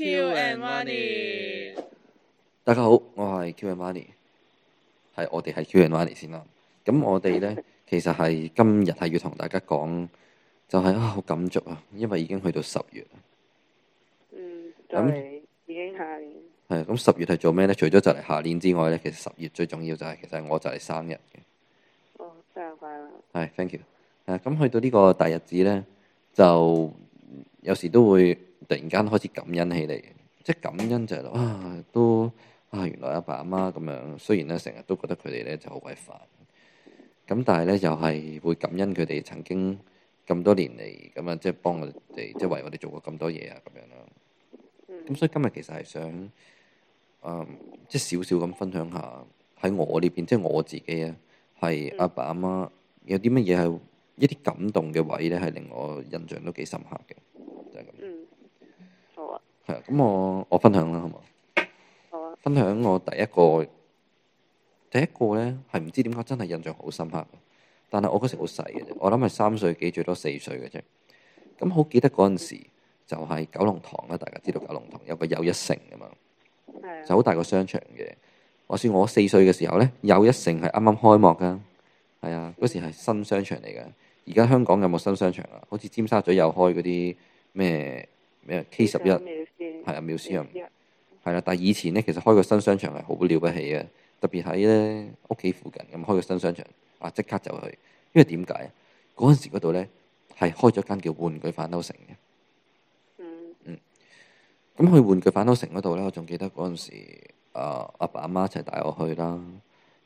Q and Money，大家好，我係 Q and Money，係我哋係 Q and Money 先啦。咁我哋咧， 其實係今日係要同大家講、就是，就係啊好感觸啊，因為已經去到十月啦。嗯，咁已經下年係咁、嗯、十月係做咩咧？除咗就嚟下年之外咧，其實十月最重要就係，其實我就嚟生日嘅。哦，生日快樂！係，Thank you。誒、啊、咁、嗯、去到呢個大日子咧，就有時都會。突然間開始感恩起嚟，即係感恩就係哇，都啊，原來阿爸阿媽咁樣，雖然咧成日都覺得佢哋咧就好鬼煩，咁但係咧又係會感恩佢哋曾經咁多年嚟咁啊，即係幫我哋，即係為我哋做過咁多嘢啊，咁樣咯。咁所以今日其實係想，嗯，即係少少咁分享下喺我呢邊，即係我自己啊，係阿爸阿媽有啲乜嘢係一啲感動嘅位咧，係令我印象都幾深刻嘅。咁我我分享啦，好冇？好啊！分享我第一個第一個咧，係唔知點解真係印象好深刻。但係我嗰時好細嘅啫，我諗係三歲幾，最多四歲嘅啫。咁好記得嗰陣時就係九龍塘啦，大家知道九龍塘有個又一城噶嘛，就好大個商場嘅，啊。我算我四歲嘅時候咧，又一城係啱啱開幕噶，係啊，嗰時係新商場嚟嘅。而家香港有冇新商場啊？好似尖沙咀又開嗰啲咩咩 K 十一。係啊，妙思啊，係啦。但係以前咧，其實開個新商場係好不了不起嘅，特別喺咧屋企附近咁開個新商場啊，即刻就去。因為點解啊？嗰陣時嗰度咧係開咗間叫玩具反斗城嘅。嗯。嗯。咁去玩具反斗城嗰度咧，我仲記得嗰陣時，誒、啊，阿爸阿媽一齊帶我去啦。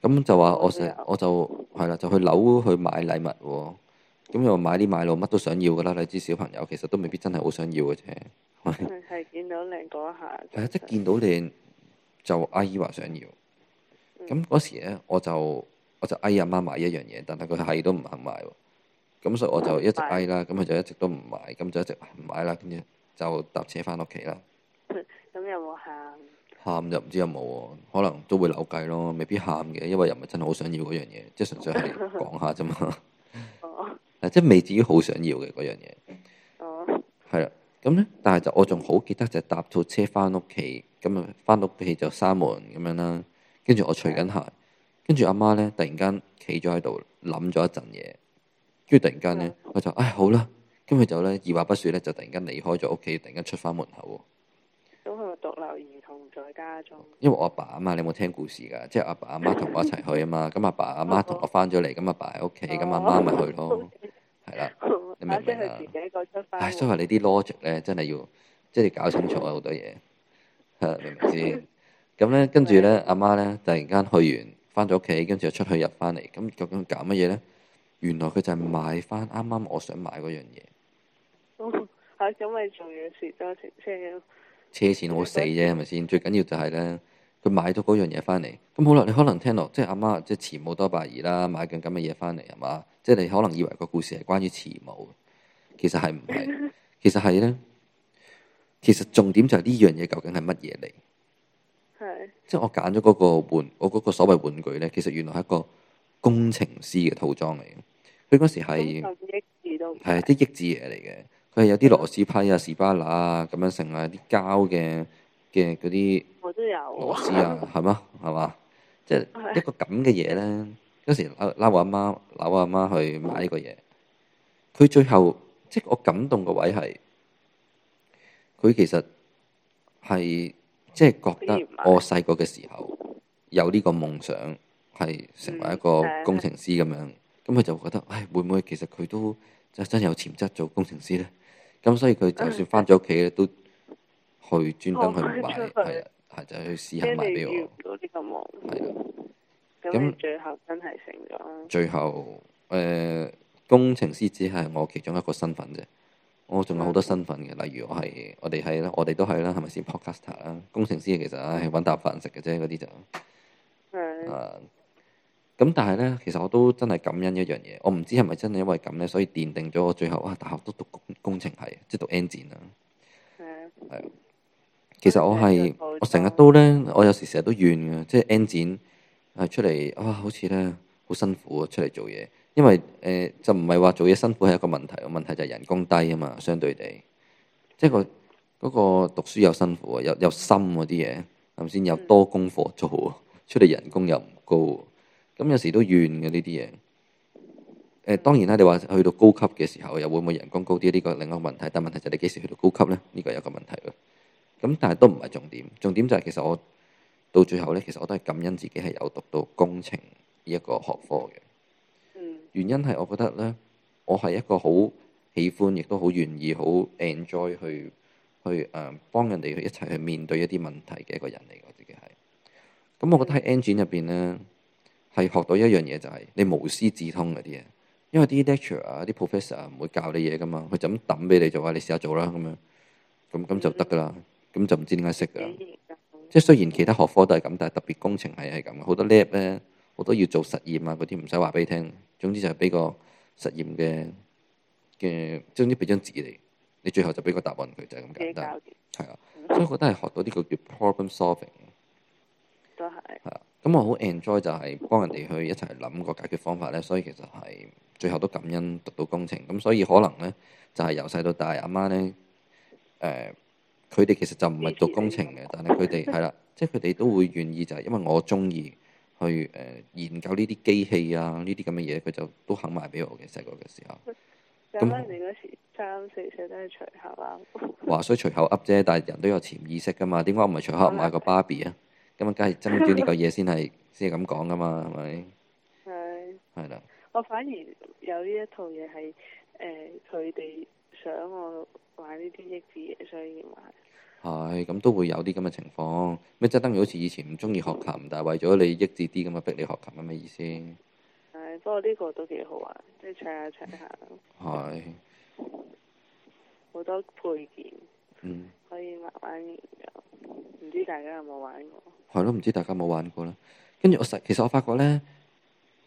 咁就話我成，日，我就係啦、嗯，就去樓去買禮物。咁又買啲買路乜都想要噶啦。你知小朋友，其實都未必真係好想要嘅啫。係是見到你嗰下，係即係見到你，就阿姨話想要。咁嗰、嗯、時咧，我就我就哎阿媽買一樣嘢，但係佢係都唔肯買。咁所以我就一直哎啦，咁佢、嗯、挨就一直都唔買，咁就一直唔買啦。跟住就搭車翻屋企啦。咁、嗯嗯嗯嗯嗯、有冇喊？喊就唔知有冇，可能都會扭計咯，未必喊嘅，因為又唔係真係好想要嗰樣嘢，即係純粹係講下啫嘛。哦。即係未至於好想要嘅嗰樣嘢。咁咧，但係就我仲好記得就搭套車翻屋企，咁啊翻屋企就閂門咁樣啦，跟住我除緊鞋，跟住阿媽咧突然間企咗喺度諗咗一陣嘢，跟住突然間咧我就唉好啦，咁佢就咧二話不説咧就突然間離開咗屋企，突然間出翻門口喎。咁佢獨留兒童在家中。因為我阿爸啊嘛，你有冇聽故事噶？即係阿爸阿媽同我一齊去啊嘛，咁阿爸阿媽同我翻咗嚟，咁阿爸喺屋企，咁阿媽咪去咯，係啦。反正佢自己嗰出翻，所以話你啲邏輯咧，真係要即係搞清楚，嗯、啊，好多嘢。吓，明唔明先？咁咧，嗯，跟住咧，阿媽咧突然間去完，翻咗屋企，跟住又出去入翻嚟，咁究竟搞乜嘢咧？原來佢就係買翻啱啱我想買嗰樣嘢。哦、嗯，咁咪仲要蝕多蝕車咯，嗯，車錢好死啫，係咪先？是是最緊要就係咧，佢買咗嗰樣嘢翻嚟。咁好啦，你可能聽落即係阿媽即係錢冇多百二啦，買緊咁嘅嘢翻嚟係嘛？即係你可能以為個故事係關於慈母，其實係唔係？其實係咧，其實重點就係呢樣嘢究竟係乜嘢嚟？係的。即係我揀咗嗰個玩，我、那、嗰個所謂玩具咧，其實原來係一個工程師嘅套裝嚟嘅。佢嗰時係係啲益智嘢嚟嘅，佢係有啲螺絲批啊、士巴拿啊咁樣成啊，啲膠嘅嘅嗰啲。我都有。螺絲啊，係嘛？係嘛？即係的一個咁嘅嘢咧。嗰時拉我阿媽，扭我阿媽去買呢個嘢。佢最後，即係我感動個位係，佢其實係即係覺得我細個嘅時候有呢個夢想係成為一個工程師咁樣。咁佢就覺得，唉，會唔會其實佢都就真有潛質做工程師咧？咁所以佢就算翻咗屋企咧，都去專登去買，係啊，係就去試下買俾我。係咯。咁最後真係成咗。最後，誒、呃，工程師只係我其中一個身份啫。我仲有好多身份嘅，例如我係我哋係啦，我哋都係啦，係咪先 Podcaster 啦、啊？工程師其實係揾啖飯食嘅啫，嗰啲就係是啊。咁但係咧，其實我都真係感恩一樣嘢，我唔知係咪真係因為咁咧，所以奠定咗我最後啊，大學都讀工程系，即、就、係、是、讀 engineer 啊。係啊是。其實我係我成日都咧，我有時成日都怨嘅，即係 engineer。係出嚟啊，好似咧，好辛苦啊，出嚟做嘢，因為誒、呃、就唔係話做嘢辛苦係一個問題，問題就係人工低啊嘛，相對地，即係個嗰、那個讀書又辛苦啊，又又深嗰啲嘢係咪先？又多功課做，出嚟人工又唔高啊，咁有時都怨嘅呢啲嘢。誒、呃，當然啦啊，你話去到高級嘅時候，又會唔會人工高啲？呢、這個另一個問題，但係問題就係你幾時去到高級咧？呢、這個有個問題咯。咁但係都唔係重點，重點就係其實我。到最後咧，其實我都係感恩自己係有讀到工程呢一個學科嘅。嗯。原因係我覺得咧，我係一個好喜歡，亦都好願意，好 enjoy 去去誒、呃、幫人哋去一齊去面對一啲問題嘅一個人嚟嘅。我自己係。咁我覺得喺 engine 入邊咧，係學到一樣嘢就係、是、你無師自通嗰啲嘢，因為啲 lecture 啊、啲 professor 唔會教你嘢噶嘛，佢就咁抌俾你，做，話你試下做啦咁樣，咁咁就得噶啦，咁、mm hmm. 就唔知點解識噶啦。即係雖然其他學科都係咁，但係特別工程係係咁，好多 lab 咧，好多要做實驗啊嗰啲，唔使話俾你聽。總之就係俾個實驗嘅嘅，總之俾張紙你，你最後就俾個答案佢，就係咁簡單。係啊，所以我覺得係學到呢個叫 problem solving 都係。都係。係啊，咁我好 enjoy 就係幫人哋去一齊諗個解決方法咧，所以其實係最後都感恩讀到工程。咁所以可能咧就係由細到大，阿媽咧誒。呃佢哋其實就唔係做工程嘅，但係佢哋係啦， 即係佢哋都會願意就係、是、因為我中意去誒研究呢啲機器啊，呢啲咁嘅嘢，佢就都肯賣俾我嘅。細個嘅時候，咁，咁細嗰時三四歲都係隨口啊，話 雖隨口噏啫，但係人都有潛意識噶嘛，點解我唔係隨口買個芭比啊？咁啊，梗係針對呢個嘢先係先係咁講噶嘛，係咪？係的。係啦的。我反而有呢一套嘢係誒，佢、呃、哋想我。玩呢啲益智嘢，所以玩。係咁都會有啲咁嘅情況，咩即係等於好似以前唔中意學琴，嗯、但係為咗你益智啲咁啊，逼你學琴咁嘅意思。係，不過呢個都幾好玩，即係唱下唱下。係，好多配件，嗯，可以慢慢研究，嗯、唔知大家有冇玩過？係咯，唔知大家有冇玩過啦？跟住我實，其實我發覺咧。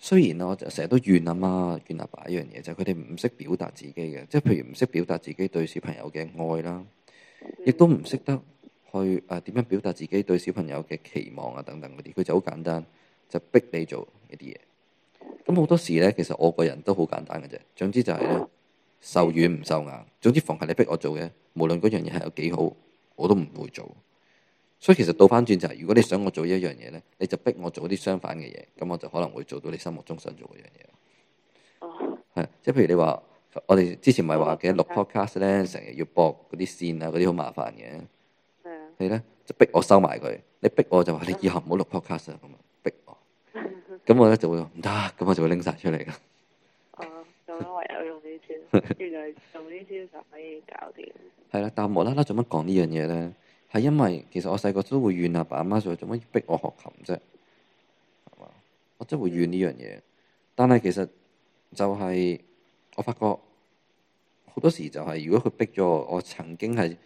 雖然我成日都怨阿媽、怨阿爸一樣嘢，就係佢哋唔識表達自己嘅，即係譬如唔識表達自己對小朋友嘅愛啦，亦都唔識得去誒點樣表達自己對小朋友嘅期望啊等等嗰啲，佢就好簡單，就逼你做一啲嘢。咁好多時咧，其實我個人都好簡單嘅啫。總之就係咧，受軟唔受硬，總之逢係你逼我做嘅，無論嗰樣嘢係有幾好，我都唔會做。所以其實倒翻轉就係、是，如果你想我做一樣嘢咧，你就逼我做啲相反嘅嘢，咁我就可能會做到你心目中想做嗰樣嘢。哦、oh.。係，即係譬如你話，我哋之前咪話嘅錄 podcast 咧，成日要駁嗰啲線啊，嗰啲好麻煩嘅。係啊 Yeah.。你咧就逼我收埋佢，你逼我就話你以後唔好錄 podcast 啊。咁啊，逼我。咁、oh. 我咧就會唔得，咁我就會拎晒出嚟㗎。哦，就我唯有用呢啲錢， 原來用呢啲就可以搞掂。係啦，但無啦啦做乜講呢樣嘢咧？係因為其實我細個都會怨阿爸阿媽，媽，就係做乜逼我學琴啫，係嘛？我真係會怨呢樣嘢。但係其實就係我發覺好多時就係，如果佢逼咗我，我曾經係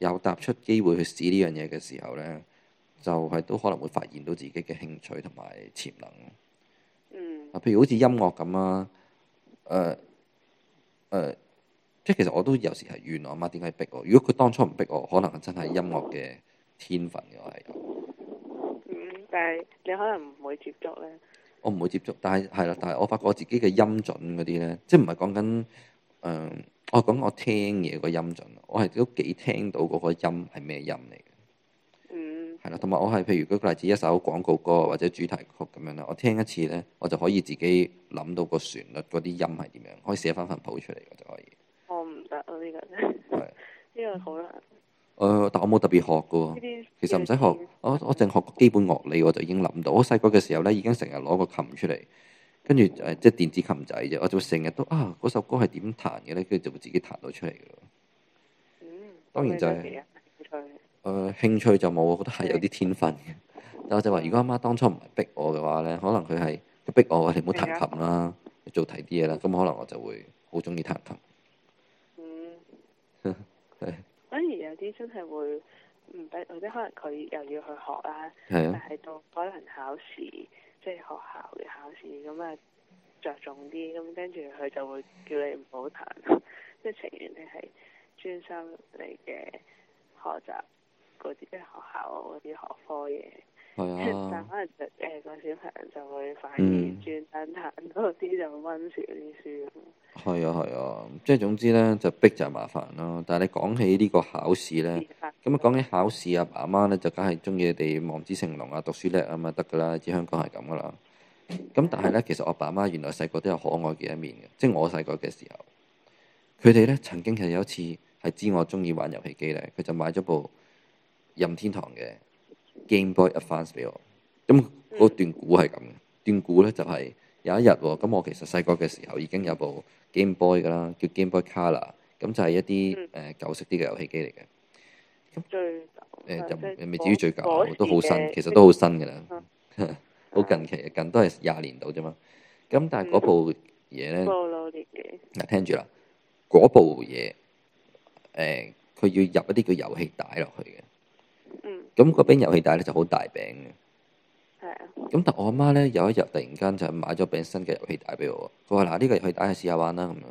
有踏出機會去試呢樣嘢嘅時候咧，就係、是、都可能會發現到自己嘅興趣同埋潛能。嗯。啊，譬如好似音樂咁啊，誒、呃，誒、呃。即係，其實我都有時係怨我阿媽點解逼我。如果佢當初唔逼我，可能係真係音樂嘅天分嘅係。咁、嗯，但係你可能唔會接觸咧。我唔會接觸，但係係啦。但係我發覺我自己嘅音準嗰啲咧，即係唔係講緊誒，我講我聽嘢嘅音準。我係都幾聽到嗰個音係咩音嚟嘅。嗯。係啦，同埋我係譬如舉個例子，一首廣告歌或者主題曲咁樣咧，我聽一次咧，我就可以自己諗到個旋律嗰啲音係點樣，可以寫翻份譜出嚟，嘅就可以。得咯，呢個呢、這個好啦。誒、呃，但我冇特別學嘅，其實唔使學。些我我淨學基本樂理，我就已經諗到。我細個嘅時候咧，已經成日攞個琴出嚟，跟住誒即係電子琴仔啫。我就成日都啊，嗰首歌係點彈嘅咧，跟住就會自己彈到出嚟嘅。嗯、當然就係、是、誒興趣就冇，我覺得係有啲天分嘅。但我就話如果阿媽，媽當初唔係逼我嘅話咧，可能佢係逼我我哋唔好彈琴啦，的做題啲嘢啦，咁、嗯、可能我就會好中意彈琴。啲真係會唔俾，或者可能佢又要去學啦。是啊、但係到可能考試，即係學校嘅考試咁啊，着重啲，咁跟住佢就會叫你唔好彈，即係情願你係專心你嘅學習嗰啲，即係學校嗰啲學科嘢。係啊，可能就誒個小朋友就會快而轉簡單多啲，就溫書啲書咯。係啊係啊，即係、嗯啊啊、總之咧就逼就麻煩咯。但係你講起呢個考試咧，咁啊講起考試啊，爸媽咧就梗係中意你哋望子成龍啊，讀書叻啊嘛得噶啦，喺香港係咁噶啦。咁但係咧，其實我爸媽原來細個都有可愛嘅一面嘅，即、就、係、是、我細個嘅時候，佢哋咧曾經係有一次係知我中意玩遊戲機咧，佢就買咗部任天堂嘅。Game Boy Advance 俾我，咁嗰段古係咁嘅。嗯、段古咧就係有一日，咁我其實細個嘅時候已經有部 Game Boy 㗎啦，叫 Game Boy Color，咁就係一啲誒舊式啲嘅遊戲機嚟嘅。咁最舊誒，就、呃、是未至於最舊，那都好新，其實都好新噶啦。好、嗯、 近期，近都係廿年度啫嘛。咁但係嗰部嘢咧，嗱、嗯，聽住啦，嗰部嘢，誒、呃，佢要入一啲嘅遊戲帶落去嘅。咁個餅遊戲帶咧就好大餅嘅，咁但我阿媽咧有一日突然間就買咗餅新嘅遊戲帶俾我，佢話，嗱，呢個遊戲帶試下玩啦咁樣，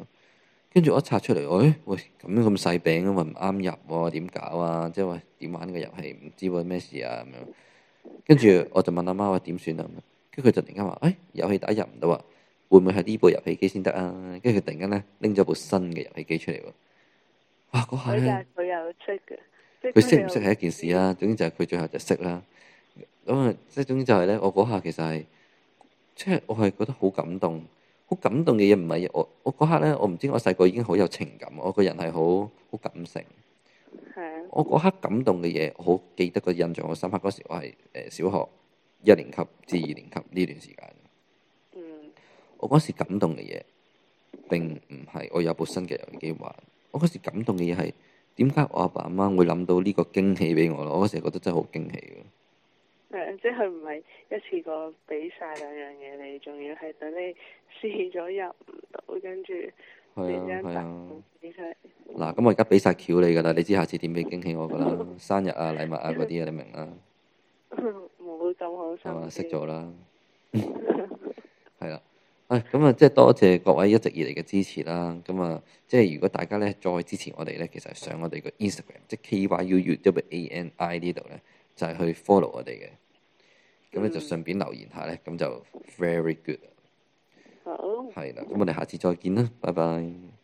跟住我一拆出嚟，誒、哎、喂，咁樣咁細餅啊，唔啱入喎，點搞啊？即係話，點玩呢個遊戲？唔知喎咩、啊、事啊咁樣，跟住我就問阿媽話，點算啊？咁樣，跟住佢就突然間話，誒，遊戲帶入唔到啊，會唔會係呢部遊戲機先得啊？跟住佢突然間咧拎咗部新嘅遊戲機出嚟喎，哇嗰下咧。佢識唔識係一件事啊，總之就係佢最後就識啦。咁啊，即係總之就係咧，我嗰刻其實係，即係我係覺得好感動，好感動嘅嘢唔係我，我嗰刻咧，我唔知我細個已經好有情感，我個人係好好感性。係的。我嗰刻感動嘅嘢，我好記得個印象好深刻。嗰時我係誒小學一年級至二年級呢段時間。嗯。我嗰時感動嘅嘢，並唔係我有部新嘅遊戲機玩。我嗰時感動嘅嘢係。點解我阿爸阿媽會諗到呢個驚喜俾我咯？我嗰時覺得真係好驚喜嘅。係啊，即係佢唔係一次過俾晒兩樣嘢你，仲要係等你試咗入唔到，跟住呢張白解？嗱、啊，咁、啊、我而家俾晒橋你噶啦，你知下次點俾驚喜我噶啦， 生日啊禮物啊嗰啲啊，你明啦。冇咁好彩。係啊，識咗啦。係啦。 咁啊，即係、哎、多謝各位一直以嚟嘅支持啦。咁啊，即係如果大家咧再支持我哋咧，其實上我哋個 Instagram，即係 K Y U U W A N I 呢度咧，就係、是、去 follow 我哋嘅。咁咧就順便留言下咧，咁、嗯、就 very good。好。係啦，咁我哋下次再見啦，拜拜。